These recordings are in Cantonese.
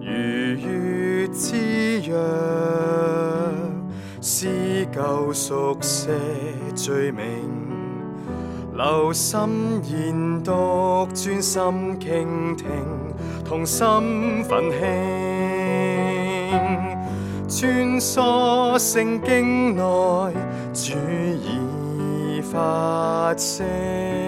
如月之約，撕舊熟些罪名，留心研讀，專心傾聽，同心奮興，穿梭聖經內，主已發聲。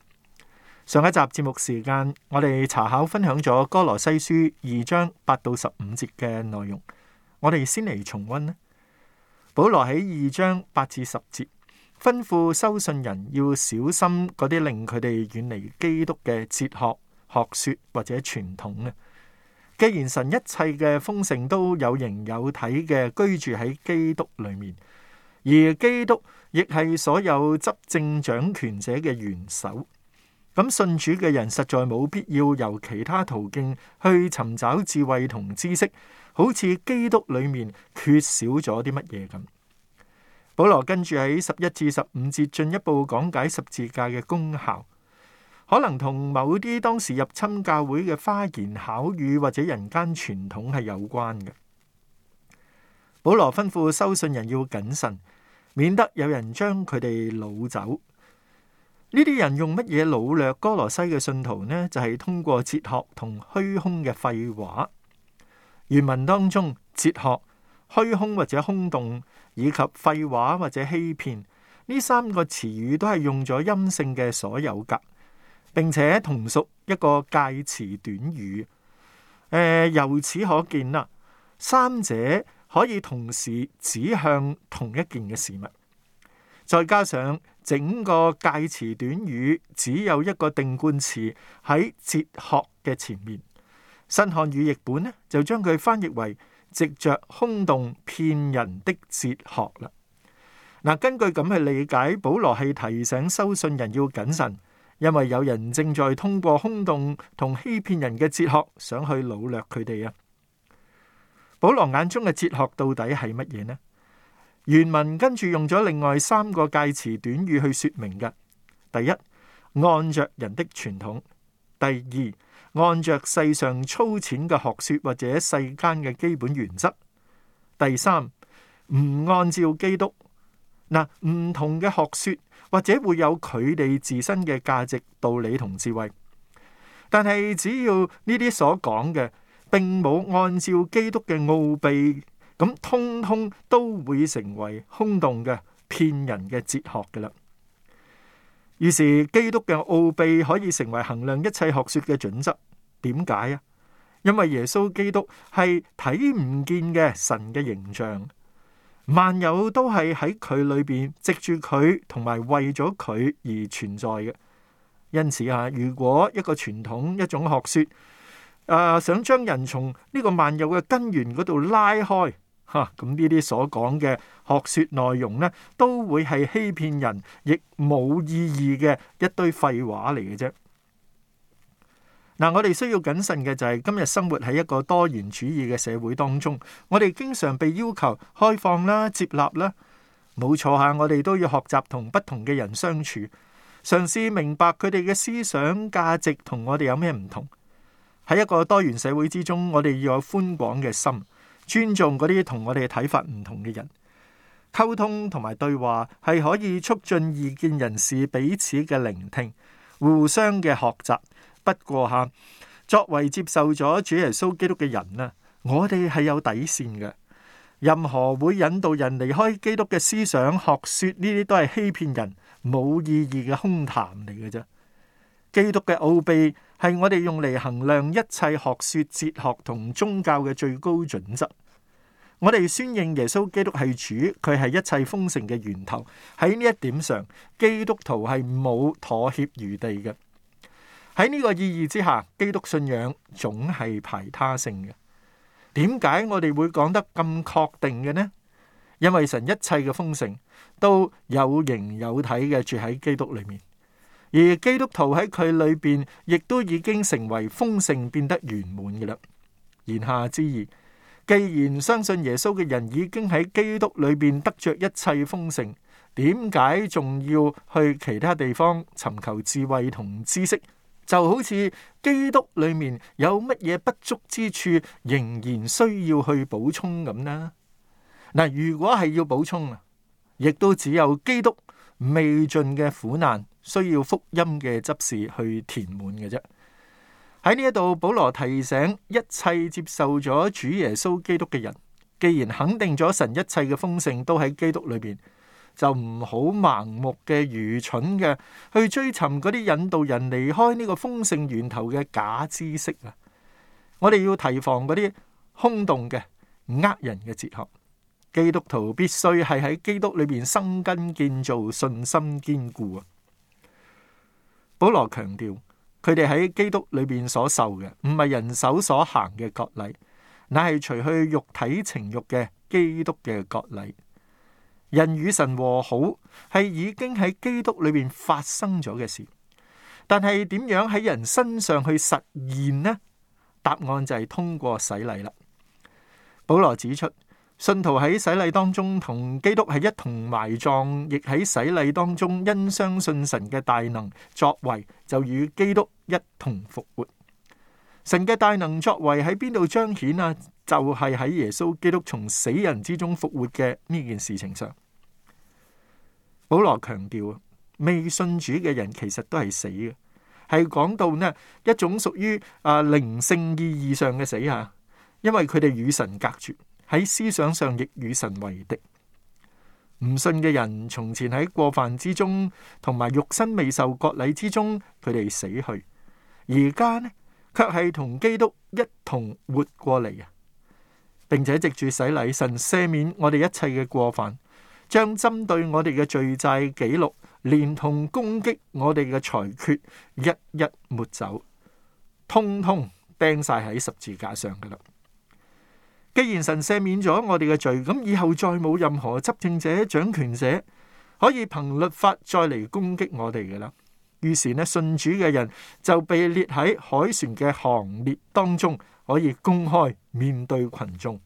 上一集節目時間，我哋查考分享咗《歌羅西書》二章八到十五節嘅內容。我哋先嚟重溫呢。保羅喺二章八至十節吩咐收信人要小心嗰啲令佢哋遠離基督嘅哲學學說或者傳統啊。既然神一切嘅豐盛都有形有體嘅居住喺基督裏面，而基督亦係所有執政掌權者嘅元首。咁信主嘅人實在冇必要由其他途徑去尋找智慧同知識，好似基督裏面缺少咗啲乜嘢咁。保羅跟住喺十一至十五節進一步講解十字架嘅功效，可能同某啲當時入侵教會嘅花言巧語或者人間傳統係有關嘅。保羅吩咐收信人要謹慎，免得有人將佢哋擄走。呢啲人用乜嘢擄掠歌羅西嘅信徒呢？就係、是、通過哲學同虛空嘅廢話。原文當中，哲學、虛空或者空洞，以及廢話或者欺騙，呢三個詞語都係用咗陰性嘅所有格，並且同屬一個介詞短語。誒、呃，由此可見啦，三者可以同時指向同一件嘅事物。再加上。整個介詞短語只有一個定冠詞喺哲學嘅前面，新漢語譯本呢，就將佢翻譯為藉着空洞騙人的哲學啦。嗱，根據咁嘅理解，保羅係提醒收信人要謹慎，因為有人正在通過空洞同欺騙人嘅哲學，想去擄掠佢哋啊。保羅眼中嘅哲學到底係乜嘢呢？原文跟住用咗另外三個介詞短語去說明嘅。第一，按着人的傳統；第二，按着世上粗淺嘅學說或者世間嘅基本原則；第三，唔按照基督。嗱，唔同嘅學說或者會有佢哋自身嘅價值、道理同智慧，但係只要呢啲所講嘅，並冇按照基督嘅奧秘。咁通通都會成為空洞嘅騙人嘅哲學噶啦。於是基督嘅奧秘可以成為衡量一切學說嘅準則。點解啊？因為耶穌基督係睇唔見嘅神嘅形象，萬有都係喺佢裏邊藉住佢同埋為咗佢而存在嘅。因此啊，如果一個傳統一種學說誒想將人從呢個萬有嘅根源嗰度拉開，哈咁呢啲所講嘅學説內容呢，都會係欺騙人，亦冇意義嘅一堆廢話嚟嘅啫。嗱、啊，我哋需要謹慎嘅就係、係、今日生活喺一個多元主義嘅社會當中，我哋經常被要求開放啦、接納啦。冇錯嚇，我哋都要學習同不同嘅人相處，嘗試明白佢哋嘅思想價值同我哋有咩唔同。喺一個多元社會之中，我哋要有寬廣嘅心。尊重嗰啲同我哋嘅睇法唔同嘅人，溝通同埋對話係可以促進異見人士彼此嘅聆聽，互相嘅學習。不過吓，作為接受咗主耶穌基督嘅人啊，我哋係有底線嘅。任何會引導人離開基督嘅思想、學說呢啲都係欺騙人、冇意義嘅空談嚟嘅啫。基督嘅奧秘係我哋用嚟衡量一切學說、哲學同宗教嘅最高準則。我哋宣認耶穌基督係主，佢係一切豐盛嘅源頭。喺呢一點上，基督徒係冇妥協餘地嘅。喺呢個意義之下，基督信仰總係排他性嘅。點解我哋會講得咁確定嘅呢？因為神一切嘅豐盛都有形有體嘅住喺基督裏面，而基督徒喺佢裏邊，亦都已經成為豐盛變得圓滿嘅啦。言下之意。既然相信耶穌嘅人已經喺基督裏邊得着一切豐盛，點解仲要去其他地方尋求智慧同知識？就好似基督裏面有乜嘢不足之處，仍然需要去補充咁啦。嗱，如果係要補充啊，亦都只有基督未盡嘅苦難需要福音嘅執事去填滿嘅啫。喺呢一度，保羅提醒一切接受咗主耶穌基督嘅人，既然肯定咗神一切嘅豐盛都喺基督裏邊，就唔好盲目嘅、愚蠢嘅去追尋嗰啲引導人離開呢個豐盛源頭嘅假知識啊！我哋要提防嗰啲空洞嘅、呃人嘅哲學。基督徒必須係喺基督裏邊生根建造，信心堅固啊！保羅強調。佢哋喺基督裏邊所受嘅，唔係人手所行嘅割禮，乃係除去肉體情欲嘅基督嘅割禮。人與神和好係已經喺基督裏邊發生咗嘅事，但係點樣喺人身上去實現呢？答案就係通過洗禮啦。保羅指出。信徒喺洗禮當中同基督係一同埋葬，亦喺洗禮當中因相信神嘅大能作為，就與基督一同復活。神嘅大能作為喺邊度彰顯啊？就係喺耶穌基督從死人之中復活嘅呢件事情上。保羅強調啊，未信主嘅人其實都係死嘅，係講到呢一種屬於啊靈性意義上嘅死啊，因為佢哋與神隔絕。喺思想上亦與神為敵，唔信嘅人從前喺過犯之中，同埋肉身未受割禮之中，佢哋死去；而家呢，卻係同基督一同活過嚟啊！並且藉住洗禮，神赦免我哋一切嘅過犯，將針對我哋嘅罪債記錄，連同攻擊我哋嘅裁決，一一抹走，通通釘晒喺十字架上㗎喇。既然神赦免咗我哋嘅罪，咁以後再冇任何執政者、掌權者可以憑律法再嚟攻擊我哋嘅啦。於是呢，信主嘅人就被列喺凱旋嘅行列當中，可以公開面對群眾。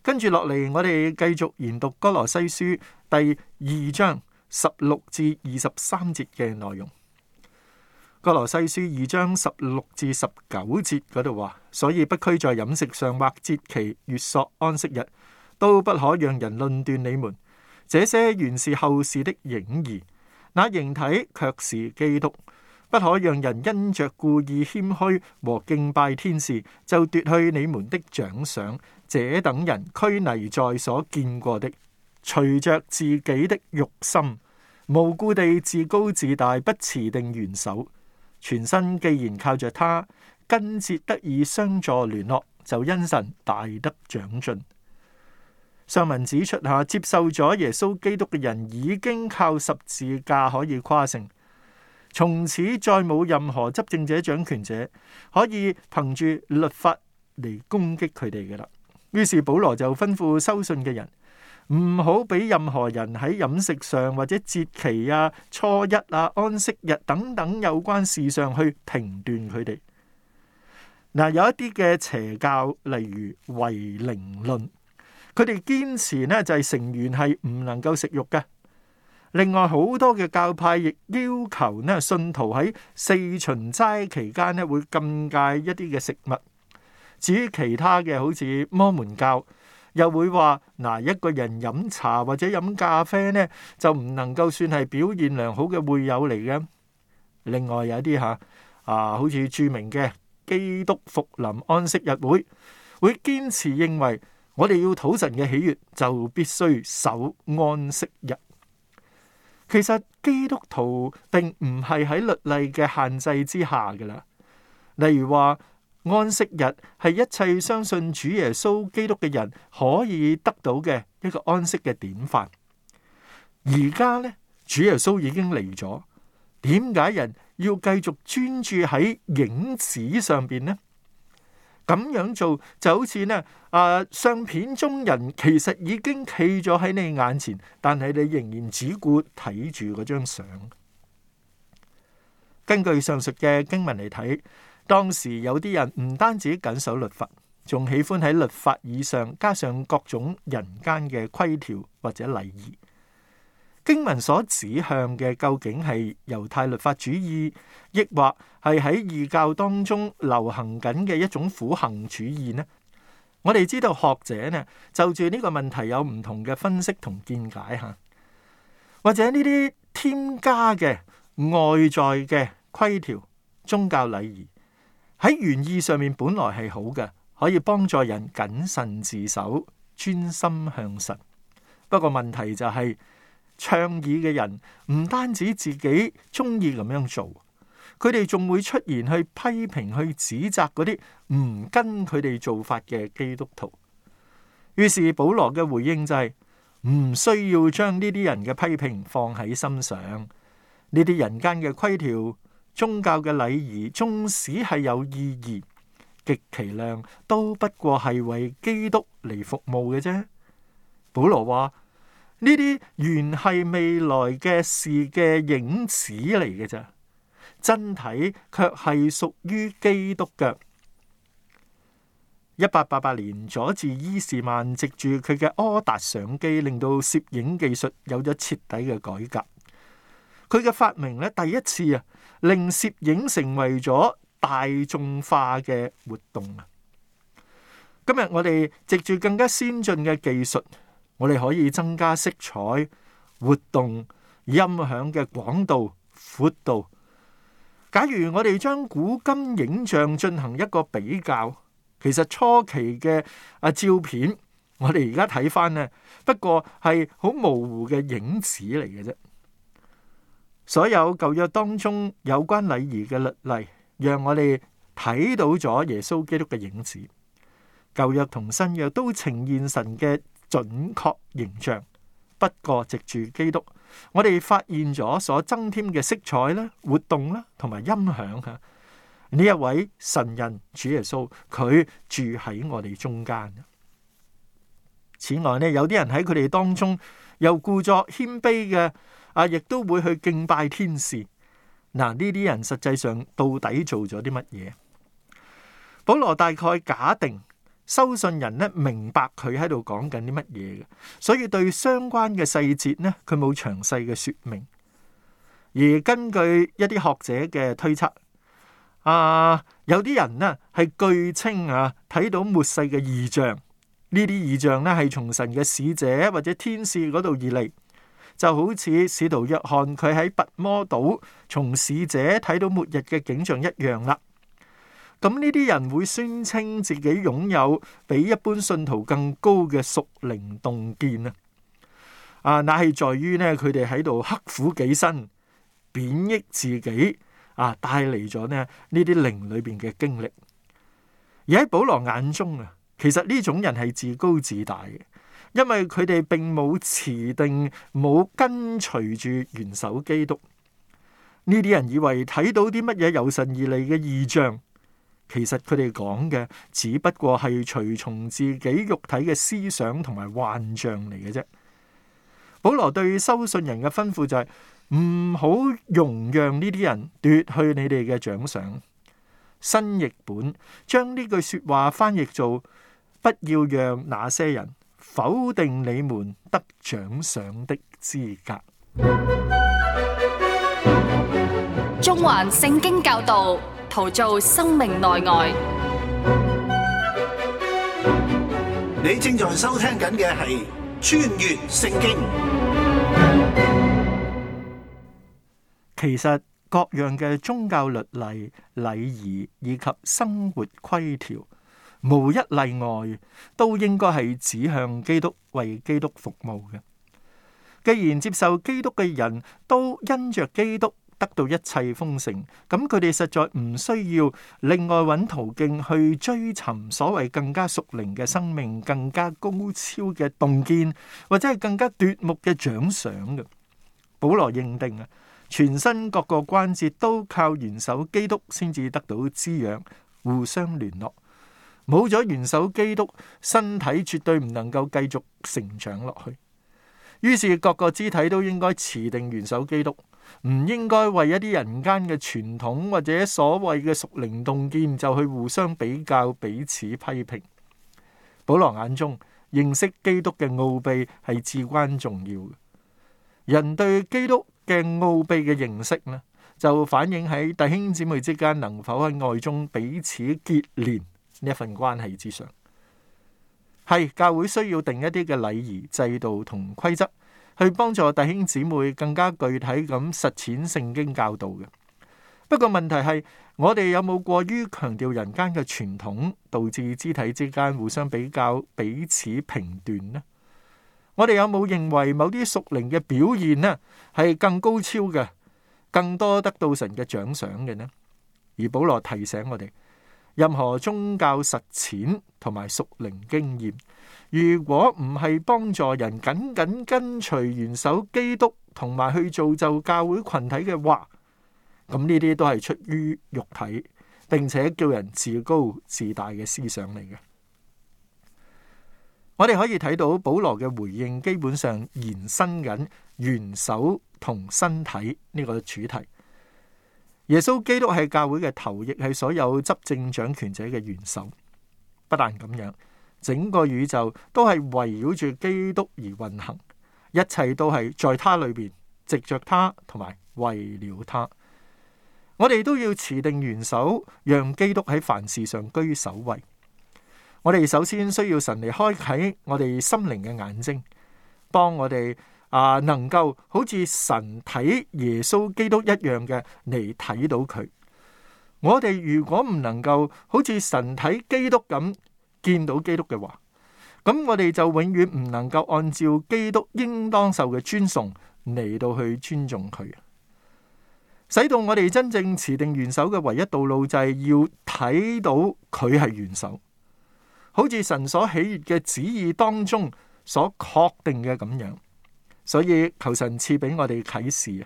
跟住落嚟，我哋繼續研讀歌羅西書第二章十六至二十三節嘅內容。歌羅西書二章十六至十九節嗰度話，所以不拘在飲食上或節期、月朔、安息日，都不可讓人論斷你們。這些原是後事的影兒，那形體卻是基督。不可讓人因着故意謙虛和敬拜天使就奪去你們的獎賞。這等人拘泥在所見過的，隨着自己的慾心，無故地自高自大，不持定元首。全身既然靠着他，筋節得以相助聯絡，就因神大得長進。上文指出下、啊，接受咗耶穌基督嘅人已經靠十字架可以誇勝，從此再冇任何執政者、掌權者可以憑住律法嚟攻擊佢哋嘅啦。於是保羅就吩咐收信嘅人。唔好俾任何人喺飲食上或者節期啊、初一啊、安息日等等有關事上去評斷佢哋。嗱，有一啲嘅邪教，例如唯靈論，佢哋堅持呢就係、是、成員係唔能夠食肉嘅。另外，好多嘅教派亦要求呢，信徒喺四旬齋期間呢會禁戒一啲嘅食物。至於其他嘅，好似摩門教。又會話嗱，一個人飲茶或者飲咖啡呢，就唔能夠算係表現良好嘅會友嚟嘅。另外有啲吓啊，好似著名嘅基督復臨安息日會，會堅持認為我哋要討神嘅喜悦，就必須守安息日。其實基督徒並唔係喺律例嘅限制之下噶啦，例如話。安息日係一切相信主耶穌基督嘅人可以得到嘅一個安息嘅典範。而家呢，主耶穌已經嚟咗，點解人要繼續專注喺影子上邊呢？咁樣做就好似呢啊，相片中人其實已經企咗喺你眼前，但係你仍然只顧睇住嗰張相。根據上述嘅經文嚟睇，當時有啲人唔單止謹守律法，仲喜歡喺律法以上加上各種人間嘅規條或者禮儀。經文所指向嘅究竟係猶太律法主義，抑或係喺異教當中流行緊嘅一種苦行主義呢？我哋知道學者呢就住呢個問題有唔同嘅分析同見解吓，或者呢啲添加嘅外在嘅規條、宗教禮儀。喺原意上面本來係好嘅，可以幫助人謹慎自守、專心向神。不過問題就係，倡議嘅人唔單止自己中意咁樣做，佢哋仲會出現去批評、去指責嗰啲唔跟佢哋做法嘅基督徒。於是保羅嘅回應就係，唔需要將呢啲人嘅批評放喺心上，呢啲人間嘅規條。宗教嘅禮儀，縱使係有意義，極其量都不過係為基督嚟服務嘅啫。保羅話：呢啲原係未來嘅事嘅影子嚟嘅咋，真體卻係屬於基督嘅。一八八八年，佐治伊士曼藉住佢嘅柯達相機，令到攝影技術有咗徹底嘅改革。佢嘅發明咧，第一次啊，令攝影成為咗大眾化嘅活動啊！今日我哋藉住更加先進嘅技術，我哋可以增加色彩、活動、音響嘅廣度、闊度。假如我哋將古今影像進行一個比較，其實初期嘅啊照片，我哋而家睇翻咧，不過係好模糊嘅影子嚟嘅啫。所有舊約當中有關禮儀嘅律例，讓我哋睇到咗耶穌基督嘅影子。舊約同新約都呈現神嘅準確形象，不過藉住基督，我哋發現咗所增添嘅色彩啦、活動啦同埋音響吓。呢一位神人主耶穌，佢住喺我哋中間。此外咧，有啲人喺佢哋當中又故作謙卑嘅。啊！亦都會去敬拜天使。嗱、啊，呢啲人實際上到底做咗啲乜嘢？保羅大概假定收信人咧明白佢喺度講緊啲乜嘢嘅，所以對相關嘅細節咧，佢冇詳細嘅説明。而根據一啲學者嘅推測，啊，有啲人咧係據稱啊，睇到末世嘅異象。異象，呢啲異象咧係從神嘅使者或者天使嗰度而嚟。就好似使徒約翰佢喺拔摩島從使者睇到末日嘅景象一樣啦。咁呢啲人會宣稱自己擁有比一般信徒更高嘅屬靈洞見啊！啊，那係在於呢佢哋喺度刻苦己身，貶抑自己啊，帶嚟咗呢呢啲靈裏邊嘅經歷。而喺保羅眼中啊，其實呢種人係自高自大嘅。因為佢哋並冇持定冇跟隨住元首基督。呢啲人以為睇到啲乜嘢有神而嚟嘅異象，其實佢哋講嘅只不過係隨從自己肉體嘅思想同埋幻象嚟嘅啫。保羅對收信人嘅吩咐就係唔好容讓呢啲人奪去你哋嘅獎賞。新譯本將呢句說話翻譯做不要讓那些人。否定你們得獎賞的資格。中環聖經教導，陶造生命內外。你正在收聽緊嘅係穿越聖經。其實各樣嘅宗教律例、禮儀以及生活規條。無一例外都應該係指向基督為基督服務嘅。既然接受基督嘅人都因着基督得到一切豐盛，咁佢哋實在唔需要另外揾途徑去追尋所謂更加屬靈嘅生命、更加高超嘅洞見或者係更加奪目嘅獎賞嘅。保羅認定啊，全身各個關節都靠元首基督先至得到滋養，互相聯絡。冇咗元首基督，身體絕對唔能夠繼續成長落去。於是各個肢體都應該持定元首基督，唔應該為一啲人間嘅傳統或者所謂嘅屬靈洞見，就去互相比較彼此批評。保羅眼中認識基督嘅奧秘係至關重要嘅。人對基督嘅奧秘嘅認識呢，就反映喺弟兄姊妹之間能否喺愛中彼此結連。呢一份關係之上，係教會需要定一啲嘅禮儀、制度同規則，去幫助弟兄姊妹更加具體咁實踐聖經教導嘅。不過問題係，我哋有冇過於強調人間嘅傳統，導致肢體之間互相比較、彼此評斷呢？我哋有冇認為某啲屬靈嘅表現呢，係更高超嘅，更多得到神嘅獎賞嘅呢？而保羅提醒我哋。任何宗教實踐同埋屬靈經驗，如果唔係幫助人緊緊跟隨元首基督，同埋去造就教會群體嘅話，咁呢啲都係出於肉體，並且叫人自高自大嘅思想嚟嘅。我哋可以睇到保羅嘅回應，基本上延伸緊元首同身體呢個主題。耶穌基督係教會嘅頭，亦係所有執政掌權者嘅元首。不但咁樣，整個宇宙都係圍繞住基督而運行，一切都係在他裏邊，藉着他同埋為了他。我哋都要持定元首，讓基督喺凡事上居首位。我哋首先需要神嚟開啟我哋心靈嘅眼睛，幫我哋。啊！能夠好似神睇耶穌基督一樣嘅嚟，睇到佢。我哋如果唔能夠好似神睇基督咁見到基督嘅話，咁我哋就永遠唔能夠按照基督應當受嘅尊崇嚟到去尊重佢，使到我哋真正持定元首嘅唯一道路就係要睇到佢係元首，好似神所喜悅嘅旨意當中所確定嘅咁樣。所以求神賜俾我哋啟示啊！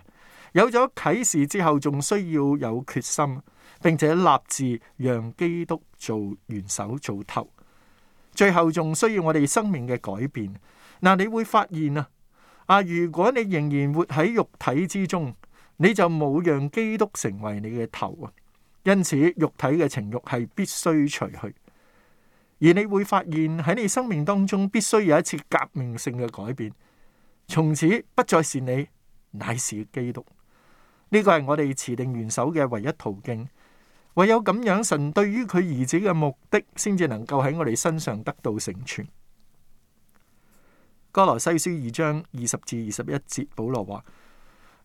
有咗啟示之後，仲需要有決心，並且立志讓基督做元首、做頭。最後仲需要我哋生命嘅改變。嗱，你會發現啊，啊，如果你仍然活喺肉體之中，你就冇讓基督成為你嘅頭啊！因此，肉體嘅情慾係必須除去。而你會發現喺你生命當中，必須有一次革命性嘅改變。從此不再是你，乃是基督。呢、這個係我哋持定元首嘅唯一途徑。唯有咁樣，神對於佢兒子嘅目的，先至能夠喺我哋身上得到成全。哥羅西書二章二十至二十一節，保羅話：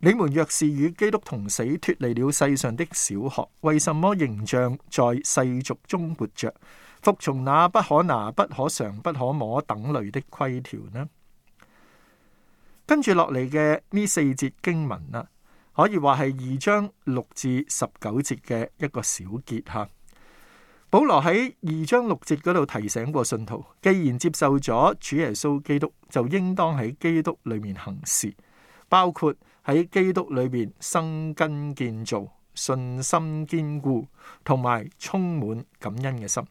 你們若是與基督同死，脱離了世上的小學，為什麼仍像在世俗中活着，服從那不可拿、不可嘗、不可摸等類的規條呢？跟住落嚟嘅呢四節經文啦，可以話係二章六至十九節嘅一個小結哈。保羅喺二章六節嗰度提醒過信徒，既然接受咗主耶穌基督，就應當喺基督裏面行事，包括喺基督裏面生根建造、信心堅固，同埋充滿感恩嘅心。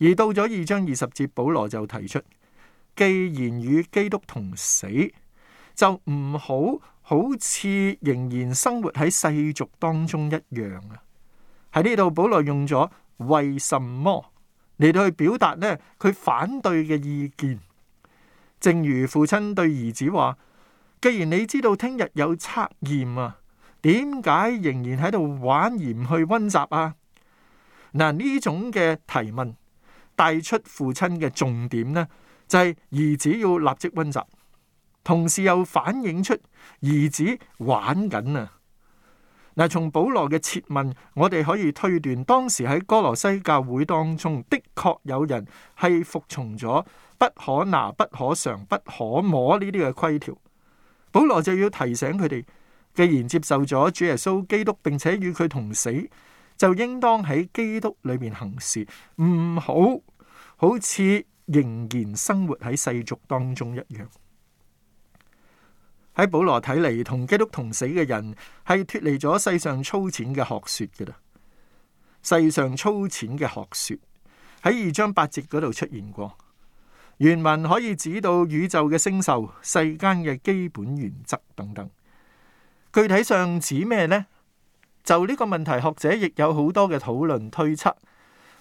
而到咗二章二十節，保羅就提出，既然與基督同死。就唔好好似仍然生活喺世俗當中一樣啊。喺呢度，保羅用咗為什麼嚟，到去表達呢，佢反對嘅意見，正如父親對兒子話，既然你知道聽日有測驗啊，點解仍然喺度玩而唔去溫習啊？嗱，呢種嘅提問帶出父親嘅重點呢，就係兒子要立即溫習。同時又反映出兒子玩緊啊嗱。從保羅嘅設問，我哋可以推斷，當時喺哥羅西教會當中的確有人係服從咗不可拿、不可嘗、不可摸呢啲嘅規條。保羅就要提醒佢哋，既然接受咗主耶穌基督，並且與佢同死，就應當喺基督裏面行事，唔好好似仍然生活喺世俗當中一樣。喺保羅睇嚟，同基督同死嘅人係脫離咗世上粗淺嘅學說嘅啦。世上粗淺嘅學說喺二章八節嗰度出現過，原文可以指到宇宙嘅星獸、世間嘅基本原則等等。具體上指咩呢？就呢個問題，學者亦有好多嘅討論推測，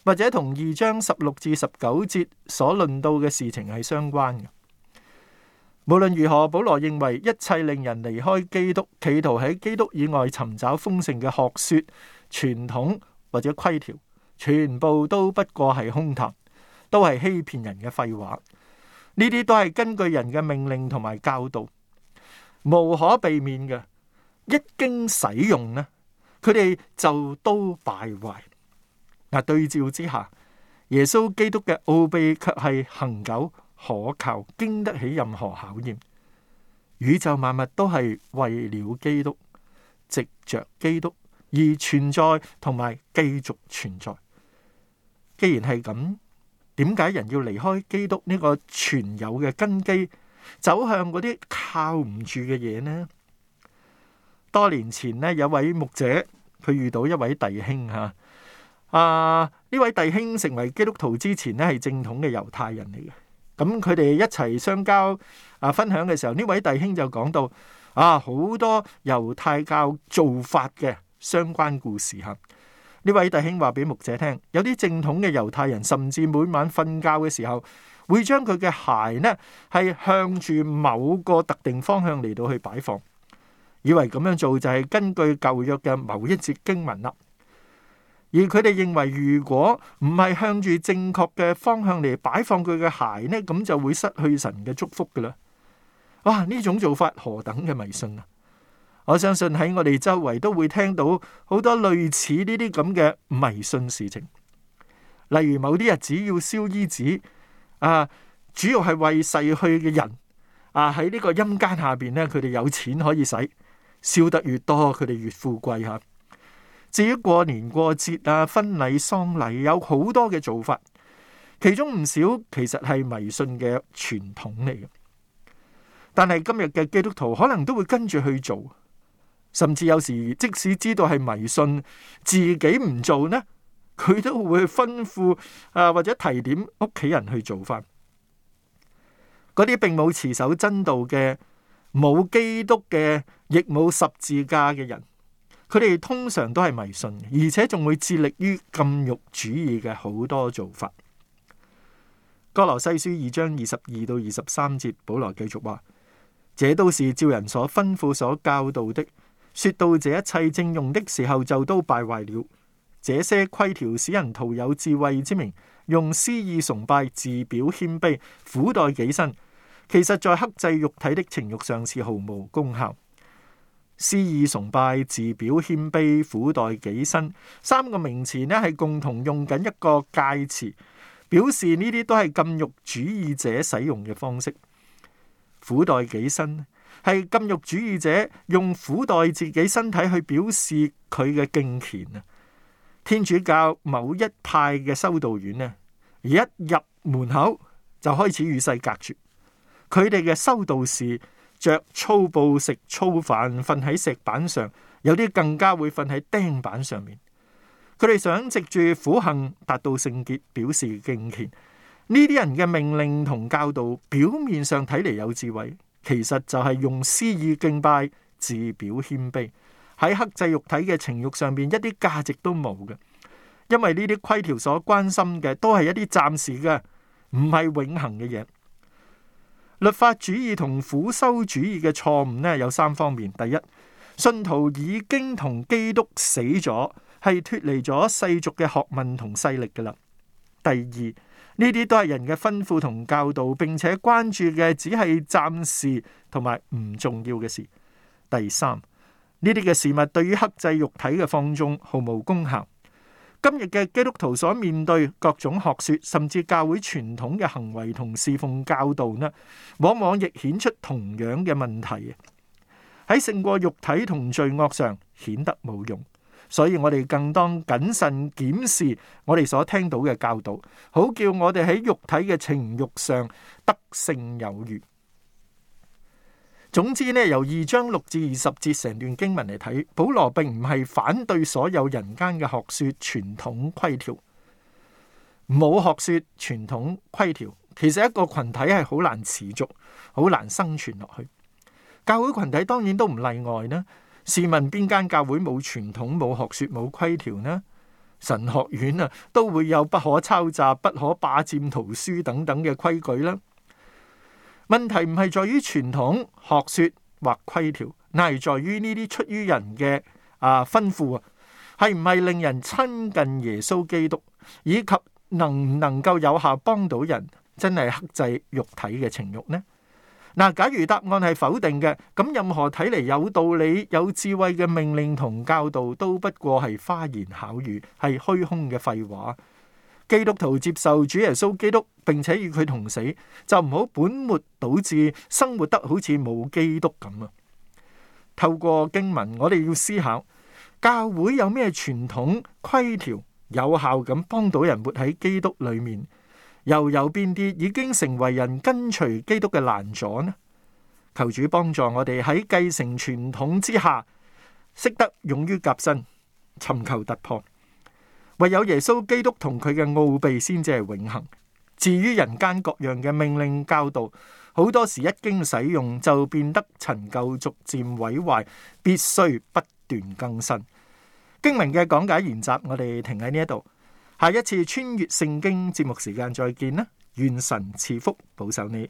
或者同二章十六至十九節所論到嘅事情係相關嘅。無論如何，保羅認為一切令人離開基督、企圖喺基督以外尋找豐盛嘅學說、傳統或者規條，全部都不過係空談，都係欺騙人嘅廢話。呢啲都係根據人嘅命令同埋教導，無可避免嘅。一經使用咧，佢哋就都敗壞。嗱，對照之下，耶穌基督嘅奧秘卻係恒久。可靠，經得起任何考驗。宇宙萬物都係為了基督，藉著基督而存在，同埋繼續存在。既然係咁，點解人要離開基督呢個存有嘅根基，走向嗰啲靠唔住嘅嘢呢？多年前呢，有位牧者佢遇到一位弟兄吓，啊呢位弟兄成為基督徒之前呢係正統嘅猶太人嚟嘅。咁佢哋一齊相交啊，分享嘅時候，呢位弟兄就講到啊，好多猶太教做法嘅相關故事嚇。呢位弟兄話俾牧者聽，有啲正統嘅猶太人甚至每晚瞓覺嘅時候會將佢嘅鞋呢，係向住某個特定方向嚟到去擺放，以為咁樣做就係根據舊約嘅某一節經文啦。而佢哋認為，如果唔係向住正確嘅方向嚟擺放佢嘅鞋呢，咁就會失去神嘅祝福㗎喇。哇！呢種做法何等嘅迷信啊！我相信喺我哋周圍都會聽到好多類似呢啲咁嘅迷信事情，例如某啲日子要燒衣紙啊，主要係為逝去嘅人啊喺呢個陰間下邊呢，佢哋有錢可以使，燒得越多，佢哋越富貴吓。至於過年過節啊、婚禮喪禮，有好多嘅做法，其中唔少其實係迷信嘅傳統嚟嘅。但係今日嘅基督徒可能都會跟住去做，甚至有時即使知道係迷信，自己唔做呢，佢都會吩咐啊或者提點屋企人去做翻。嗰啲並冇持守真道嘅、冇基督嘅、亦冇十字架嘅人。佢哋通常都係迷信，而且仲會致力於禁欲主義嘅好多做法。歌羅西書二章二十二到二十三節，保羅繼續話，這都是照人所吩咐所教導的。說到這一切正用的時候，就都敗壞了。這些規條使人徒有智慧之名，用私意崇拜，自表謙卑，苦待己身，其實在克制肉體的情慾上是毫無功效。私意崇拜，自表謙卑，苦待己身。三個名詞呢係共同用緊一個介詞，表示呢啲都係禁慾主義者使用嘅方式。苦待己身係禁慾主義者用苦待自己身體去表示佢嘅敬虔啊！天主教某一派嘅修道院呢，一入門口就開始與世隔絕，佢哋嘅修道士。着粗布食粗飯，瞓喺石板上，有啲更加會瞓喺釘板上面。佢哋想藉住苦行達到聖潔，表示敬虔。呢啲人嘅命令同教導，表面上睇嚟有智慧，其實就係用私意敬拜，自表謙卑。喺克制肉體嘅情欲上邊，一啲價值都冇嘅。因為呢啲規條所關心嘅，都係一啲暫時嘅，唔係永恆嘅嘢。律法主義同苦修主義嘅錯誤咧，有三方面。第一，信徒已經同基督死咗，係脫離咗世俗嘅學問同勢力㗎喇。第二，呢啲都係人嘅吩咐同教導，並且關注嘅只係暫時同埋唔重要嘅事。第三，呢啲嘅事物對於克制肉體嘅放縱毫無功效。今日嘅基督徒所面對各種學說，甚至教會傳統嘅行為同侍奉教導呢，往往亦顯出同樣嘅問題，喺勝過肉體同罪惡上顯得冇用。所以我哋更當謹慎檢視我哋所聽到嘅教導，好叫我哋喺肉體嘅情欲上得勝有餘。總之咧，由二章六至二十節成段經文嚟睇，保羅並唔係反對所有人間嘅學說、傳統規條。冇學說、傳統規條，其實一個群體係好難持續、好難生存落去。教會群體當然都唔例外啦。試問邊間教會冇傳統、冇學說、冇規條呢？神學院啊，都會有不可抄襲、不可霸占圖書等等嘅規矩啦。問題唔係在於傳統學説或規條，而係在於呢啲出於人嘅啊吩咐啊，係唔係令人親近耶穌基督，以及能唔能夠有效幫到人，真係克制肉體嘅情慾呢？嗱，假如答案係否定嘅，咁任何睇嚟有道理、有智慧嘅命令同教導，都不過係花言巧語，係虛空嘅廢話。基督徒接受主耶穌基督，並且與佢同死，就唔好本末倒置，生活得好似冇基督咁啊！透過經文，我哋要思考教會有咩傳統規條，有效咁幫到人活喺基督裏面，又有邊啲已經成為人跟隨基督嘅難阻呢？求主幫助我哋喺繼承傳統之下，識得勇於革新，尋求突破。唯有耶穌基督同佢嘅奧秘先至係永恒。至於人間各樣嘅命令教導，好多時一經使用就變得陳舊，逐漸毀壞，必須不斷更新。經文嘅講解原則，我哋停喺呢一度。下一次穿越聖經節目時間再見啦！願神賜福保守你。